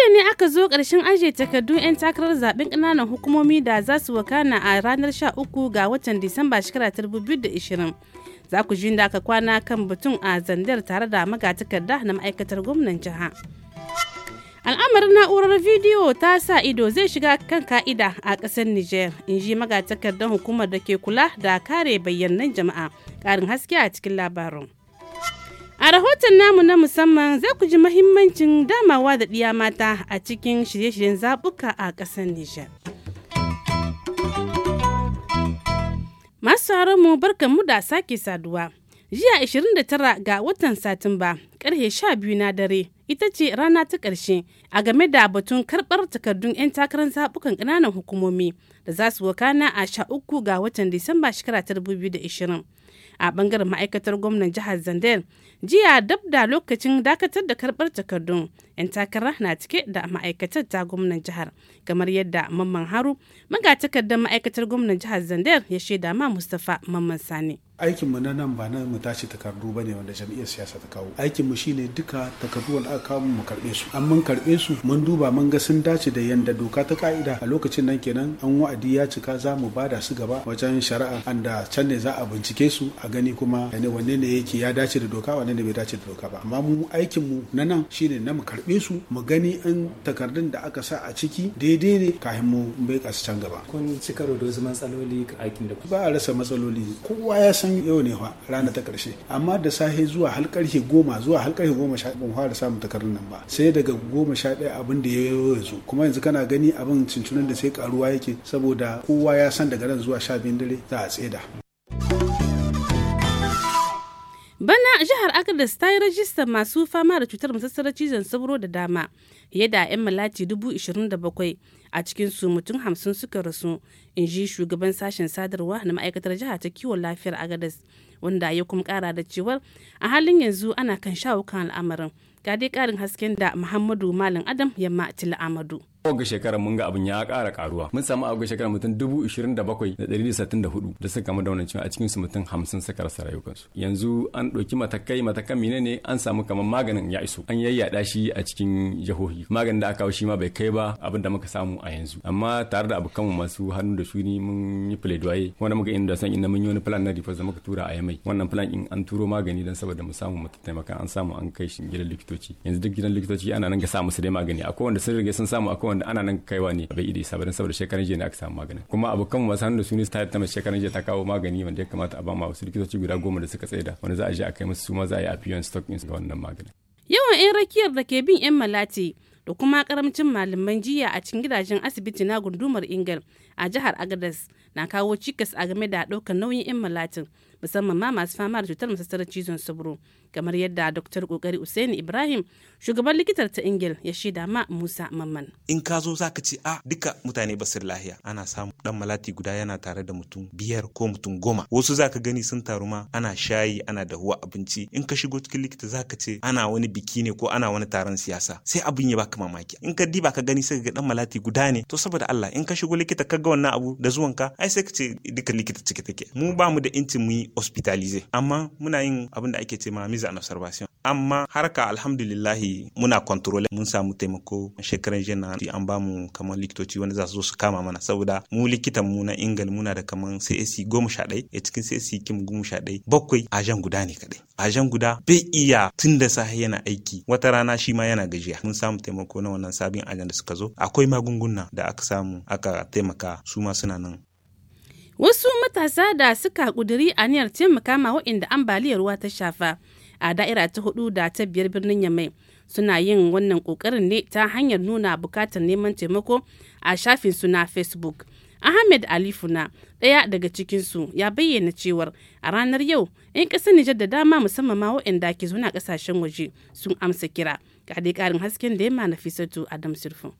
jiya ne aka zo ƙarshen ajiye takardun 'yan takarar zaɓen ƙananan hukumomi da za su wakana a ranar 13 ga watan disamba shekara 2020 za ku ji da aka kwana kan batun a zandar tare da magatakarda na ma'aikatar gwamnan jiha al'amarin na'urar bidiyo ta sa ido zai shiga kan ka'ida a ƙasar nijar in ji magatakardar hukumar da ke kula da kare bayyanan jama'a ƙarin haske a cikin labarin A rahoton namu na musamman zai ku ji mahimmancin damawa da ɗiya mata a cikin shirye-shiryen zaɓuka a ƙasar Nijar. Masu mu mu da sake saduwa. Jiya 29 ga watan Satumba, ƙarfe 12 na dare, ita ce rana ta ƙarshe a game da batun karɓar takardun 'yan takarar zaɓukan ƙananan hukumomi da za su wakana a 13 ga watan Disamba shekara 2020. a bangaren ma'aikatar gwamnan jihar zandal jiya dabda lokacin dakatar da karbar takardun 'yan takara na cike da ma'aikatar ta gwamnan jihar kamar yadda mamman haru magatakardar ma'aikatar gwamnan jihar zandar ya shaida ma mustapha mamman sani aikinmu na nan ba na mu tashi takardu ba ne wanda jami'ar siyasa ta kawo aikinmu shine duka takardu wanda aka kawo mu karɓe su an mun karɓe su mun duba mun ga sun dace da yanda doka ta ka'ida a lokacin nan kenan an wa'adi ya cika za mu bada su gaba wajen shari'a anda can ne za a bincike su a gani kuma ne wanne ne yake ya dace da doka wanne ne bai dace da doka ba amma mu aikinmu na nan shine na mu karɓe karɓe su mu gani an takardun da aka sa a ciki daidai ne kafin mu bai kasu can gaba kun ci karo da wasu matsaloli ga aikin da ba a rasa matsaloli kowa ya san yau ne fa rana ta karshe amma da sahe zuwa har karfe goma zuwa har karfe goma sha ban fara samun takardun nan ba sai daga goma sha ɗaya abin da ya yanzu kuma yanzu kana gani abin cincinin da sai karuwa yake saboda kowa ya san daga ran zuwa sha biyun dare za a tseda Bana jihar Agadez ta yi rajistar masu fama da cutar masassarar cizon sauro da dama, fiye da 'yan malati 27 a cikin su mutum hamsin suka rasu, in ji shugaban sashen sadarwa na ma'aikatar jihar ta kiwon lafiyar Agadez, wanda ya kuma kara da cewar a halin yanzu ana kan shawo kan al'amarin. Ga dai karin hasken da Muhammadu Malam Adam Yamma Tila Amadu. ga shekarar mun ga abin ya ƙara karuwa mun samu a ga shekarar mutum dubu ishirin da bakwai da ɗari da da hudu da suka kamu da wannan ciwon a cikin su mutum hamsin suka rasa rayukansu yanzu an ɗauki matakai matakan mine ne an samu kamar maganin ya iso an yayyada shi a cikin jihohi maganin da aka kawo shi ma bai kai ba abin da muka samu a yanzu amma tare da abokan mu masu hannu da shuni mun yi plaidoyer wanda muka inda san inda mun yi wani plan na rifas da muka tura a yamai wannan plan in an turo magani don saboda mu samu mu taimaka an samu an kai shi gidan likitoci yanzu duk gidan likitoci ana nan ga samu su dai magani akwai wanda sun riga sun samu akwai wanda ana nan kaiwa ne bai idi saboda saboda shekaran jiya ne aka samu maganin kuma kan masu hannu da su ne ta tama shekaran jiya ta kawo magani wanda ya kamata a ba ma wasu likitoci guda goma da suka tsaida wanda za a je a kai musu suma za a yi a fiyon stock ɗinsu ga wannan maganin. yawan 'yan rakiyar da ke bin 'yan malati da kuma karamcin malaman jiya a cikin gidajen asibiti na gundumar ingal a jihar agadas na kawo cikas a game da ɗaukar nauyin 'yan malatin musamman ma masu fama da cutar masassarar cizon sauro kamar yadda Dr. Kokari Usaini Ibrahim shugaban likitar ta Ingil ya shaida ma Musa Mamman. In ka zo zaka ce a ah, duka mutane basir lahiya ana samu dan malati guda yana tare da mutum biyar ko mutum goma wasu zaka gani sun taru ma ana shayi ana dahuwa abinci in ka shigo cikin likita zaka ce ana wani biki ne ko ana wani taron siyasa sai abin ya baka mamaki in ka diba ka gani sai ga dan malati guda ne to saboda Allah in ka shigo likita ka ga wannan abu da zuwanka ai sai ka ce duka likita ciki take mu ba mu da inci mu shi hospitalize amma muna yin abin da ake ce ma mise en observation amma harka alhamdulillahi muna kontrole mun samu taimako shekaran jana an ba mu kamar likitoci wanda za su zo su kama mana saboda mu likitan mu na ingal muna da kamar CAC goma sha a cikin CAC kim goma sha a bakwai ajan guda ne kaɗai ajan guda bai iya tun da sahi yana aiki wata rana shi ma yana gajiya mun samu taimako na wannan sabin ajan da suka zo akwai magunguna da aka samu aka taimaka su ma suna nan Wasu matasa da suka a aniyar taimaka ma waɗanda ambaliyar ruwa ta shafa a da'ira ta hudu da ta biyar birnin Yamai suna yin wannan kokarin ne ta hanyar nuna bukatar neman taimako a shafin su na Facebook. Ahmed Alifuna ɗaya daga cikinsu ya bayyana cewar a ranar yau 'yan ƙasar Nijar da dama musamman ma waɗanda ke zuna ƙasashen waje sun amsa kira. Ga dai ƙarin hasken da ya ma Nafisatu Adam Sirfin.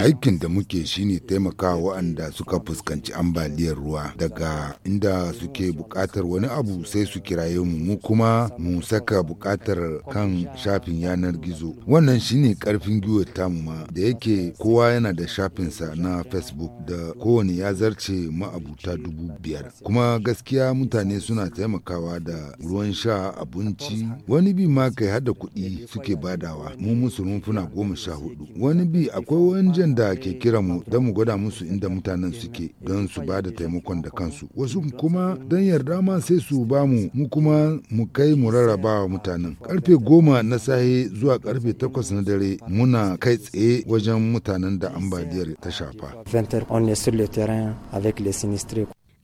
Aikin da muke shine taimakawa waɗanda suka fuskanci ambaliyar ruwa daga inda suke buƙatar wani abu sai su kiraye mu mu kuma mu saka buƙatar kan shafin yanar gizo. Wannan shine ƙarfin gwiwar tamu ma da yake kowa yana da shafinsa na Facebook da kowane ya zarce ma'abuta dubu biyar. Kuma gaskiya mutane suna taimakawa da ruwan sha abinci wani bi ma kai hada kuɗi suke badawa mu musu rumfuna goma sha hudu. wani bi akwai wani jan da ke kira mu don mu gwada musu inda mutanen suke don su ba da taimakon da kansu wasu kuma don yarda ma sai su ba mu mu kuma mu kai mu rarraba wa mutanen karfe goma na sahe zuwa karfe takwas na dare muna kai tsaye wajen mutanen da ambaliyar ta shafa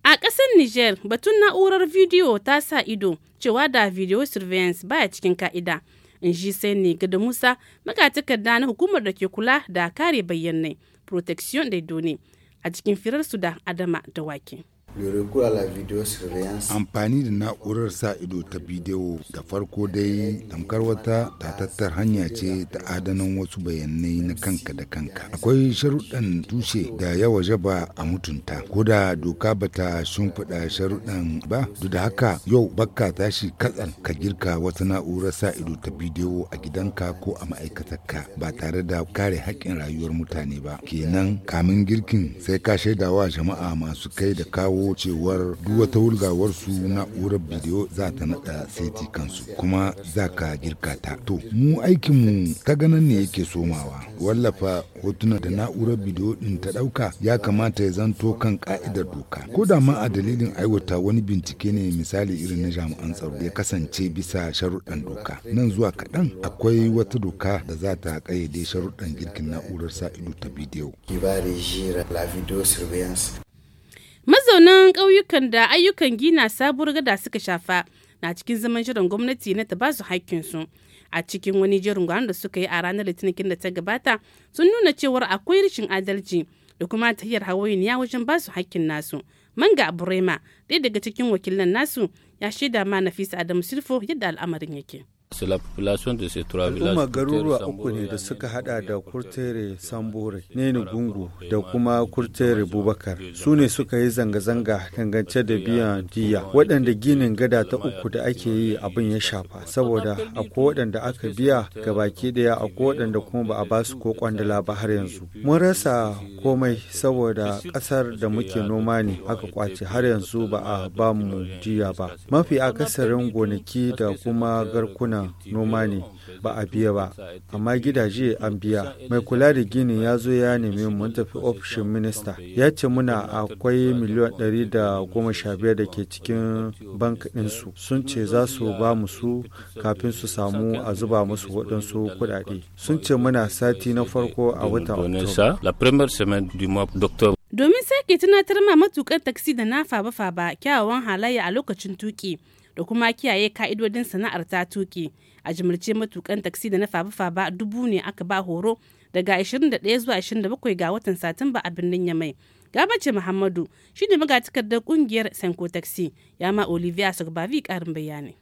A ƙasar niger batun na'urar bidiyo ta sa ido cewa da video surveillance baya cikin ka'ida. in ji sai ne gada musa magatakarda na hukumar da ke kula da kare bayyanai protection des ne a cikin firar su da adama da wake. Amfani da na'urar sa ido ta bidiyo da farko dai tamkar wata tatattar hanya ce ta adanan wasu bayanai na kanka da kanka. Akwai sharuɗan tushe da yawa jaba a mutunta. Ko da doka bata shimfiɗa sharuɗan ba, duk da haka yau bakka tashi katsan ka girka wata na'urar sa ido ta bidiyo a gidanka ko a ma'aikatarka ba tare da kare haƙƙin rayuwar mutane ba. Kenan kamin girkin sai ka shaidawa jama'a masu kai da kawo wucewar duk wata wulgawar su na'urar bidiyo za ta naɗa saiti kansu kuma za ka girka ta. To, mu aikinmu ta ganin ne yake somawa. Wallafa hotuna da na'urar bidiyo din ta ɗauka ya kamata ya zanto kan ka'idar doka. Ko da ma a dalilin aiwata wani bincike ne misali irin na jami'an tsaro ya kasance bisa sharuɗan doka. Nan zuwa kaɗan akwai wata doka da za ta ƙayyade sharuɗan girkin na'urar sa ido ta bidiyo. mazaunan ƙauyukan da ayyukan gina sabuwar gada suka shafa na cikin zaman shirin gwamnati na ta ba su a cikin wani jerin gwanon da suka yi a ranar litinin da ta gabata sun nuna cewar akwai rashin adalci da kuma tahiyar ya wajen ba su hakkin nasu manga burema ɗaya daga cikin wakilan nasu ya shaida ma nafisa adamu silfo yadda al'amarin yake kuma garuruwa uku ne da suka hada da Kurtere Sambore, Neni Gungu da kuma Kurtere Bubakar. Su ne suka yi zanga-zanga dangance da biyan diya waɗanda ginin gada ta uku da ake yi abin ya shafa saboda akwai waɗanda aka biya ga baki ɗaya akwai waɗanda kuma ba a ba su ko kwandala ba har yanzu. Mun rasa komai saboda ƙasar da muke noma ne aka kwace har yanzu ba a ba mu diya ba. Mafi akasarin gonaki da kuma garkuna noma ne ba a biya ba amma gidaje an biya mai kula da gini ya zo ya nemi mun tafi ofishin minista ya ce muna akwai miliyan ɗari da goma sha da ke cikin bank ɗinsu sun ce za su ba mu su kafin su samu a zuba musu waɗansu kuɗaɗe sun ce muna sati na farko a watan oktoba domin sake tunatar ma matukan taksi da na faba-faba kyawawan halayya a lokacin tuki da kuma kiyaye ka'idodin sana'ar ta tuki a jimirce matukan taksi da na faba-faba dubu ne aka ba horo daga 21 zuwa 27 ga watan satumba a birnin yamai Gabace Muhammadu shi ne da kungiyar Senko Taxi ya ma Olivia sagbavi karin bayani.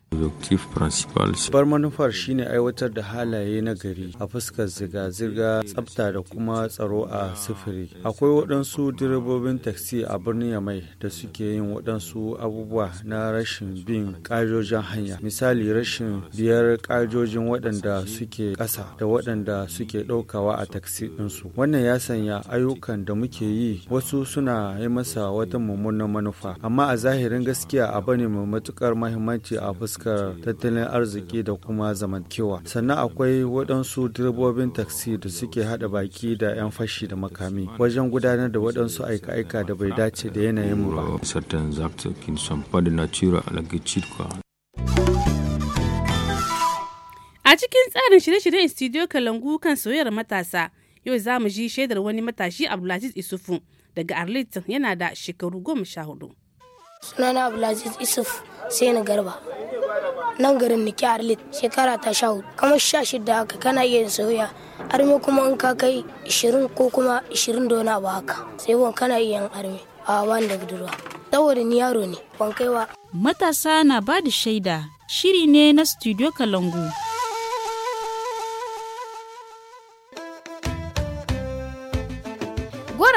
Bar manufar shine aiwatar da halaye na gari a fuskar zirga-zirga tsabta da kuma tsaro a sifiri. Akwai waɗansu direbobin taxi a birnin Yamai da suke yin waɗansu abubuwa na rashin bin ƙa'idojin hanya. Misali rashin biyar ƙa'idojin waɗanda suke ƙasa da waɗanda suke ɗaukawa a taksi ɗinsu. Wannan ya sanya ayyukan da muke yi wasu suna yi masa wata mummunan manufa amma a zahirin gaskiya abu ne mai matukar mahimmanci a fuskar tattalin arziki da kuma zamantakewa sannan akwai waɗansu direbobin taksi da suke haɗa baki da 'yan fashi da makami wajen gudanar da waɗansu aika-aika da bai dace da yanayin mu ba A cikin tsarin shirye-shiryen studio Kalangu kan soyayyar matasa, yau za mu ji shaidar wani matashi Abdulaziz Isufu daga Arlit yana da shekaru goma sha hudu. Sunana Abdulaziz Isuf sai garba. Nan garin Niki Arlit shekara ta sha hudu. Kamar sha shida haka kana iya soya. armi kuma in ka kai ishirin ko kuma ishirin da wani abu haka. Sai wani kana iya yin arme. A wani da budurwa. Saboda ni yaro ne ban kaiwa. Matasa na ba da shaida shiri ne na Studio Kalangu.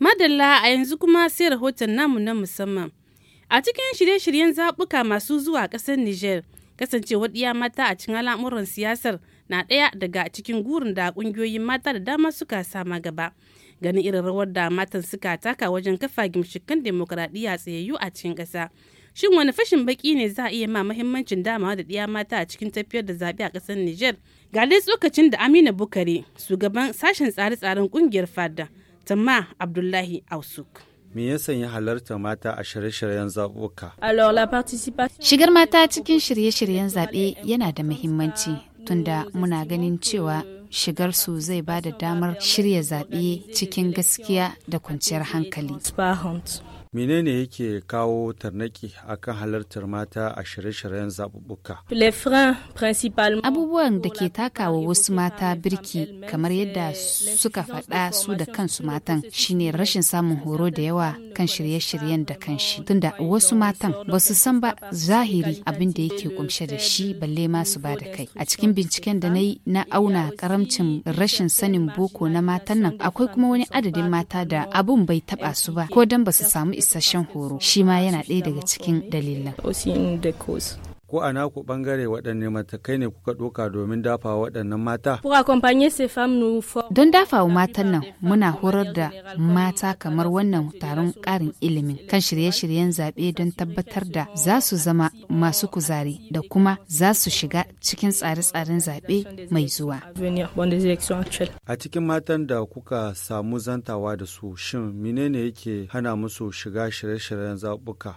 Madalla a yanzu kuma sai rahoton namu na musamman. A cikin shirye-shiryen zaɓuka masu zuwa ƙasar Nijar, kasancewar ɗiya mata a cikin al'amuran siyasar na ɗaya daga cikin gurin da ƙungiyoyin mata da dama suka sama gaba. Ganin irin rawar da matan suka taka wajen kafa gimshikan demokuraɗiyya tsayayyu a cikin ƙasa. Shin wani fashin baki ne za a iya ma mahimmancin damawa da ɗiya mata a cikin tafiyar da zaɓe a ƙasar Nijar? Ga dai tsokacin da Amina Bukare, shugaban sashen tsare-tsaren ƙungiyar fada. Tamma Abdullahi Ausuk. Me ya sanya halarta mata a shirye-shiryen zaɓuka? Shigar mata cikin shirye-shiryen zaɓe yana da muhimmanci tunda muna ganin cewa shigarsu zai ba da damar shirya zaɓe cikin gaskiya da kwanciyar hankali. menene yake kawo tarnaki akan halartar mata a shirye-shiryen zaɓuɓɓuka? Abubuwan da ke takawa wasu mata birki kamar yadda suka faɗa su da kansu matan shine rashin samun horo da yawa kan shirye-shiryen da kan shi tunda wasu matan ba su san ba zahiri abin da yake kumshe da shi balle ma su ba da kai a cikin binciken da na yi na auna karamcin rashin sanin boko na matan nan akwai kuma wani adadin mata da abun bai taba su ba ko dan ba su samu isasshen horo shi ma yana ɗaya daga cikin dalilan ko a naku bangare waɗanne matakai ne kuka ɗoka domin dafa waɗannan mata? Don dafawa matan nan muna horar da mata kamar wannan taron ƙarin ilimin kan shirye-shiryen zaɓe don tabbatar da za su zama masu kuzari da kuma za su shiga cikin tsare-tsaren zaɓe mai zuwa. A cikin matan da kuka samu zantawa da su shin menene yake hana musu shiga shirye-shiryen zaɓuka?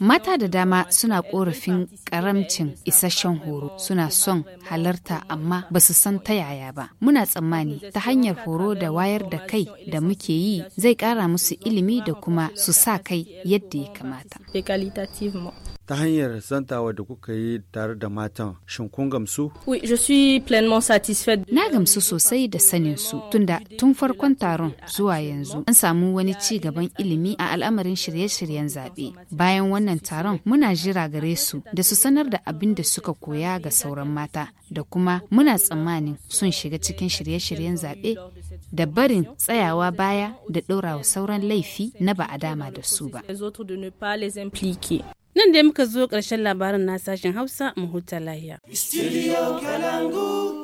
Mata da dama suna korafin karamcin isasshen horo suna son halarta amma ba su san ta yaya ba muna tsammani ta hanyar horo da wayar da kai da muke yi zai kara musu ilimi da kuma su sa kai yadda ya kamata ta hanyar zantawa da kuka yi tare da matan shin kun gamsu? Oui, je suis pleinement satisfait. Na gamsu sosai da sanin su tunda tun farkon taron zuwa yanzu an samu wani ci gaban ilimi a al'amarin shirye-shiryen zaɓe. Bayan wannan taron muna jira gare su da su sanar da abin da suka koya ga sauran mata da kuma muna tsammanin sun shiga cikin shirye-shiryen zaɓe da barin tsayawa baya da ɗaurawa sauran laifi na ba a dama da su ba. Nan dai muka zo ƙarshen labarin na sashen Hausa mu huta lahiya. Studio Kalangu.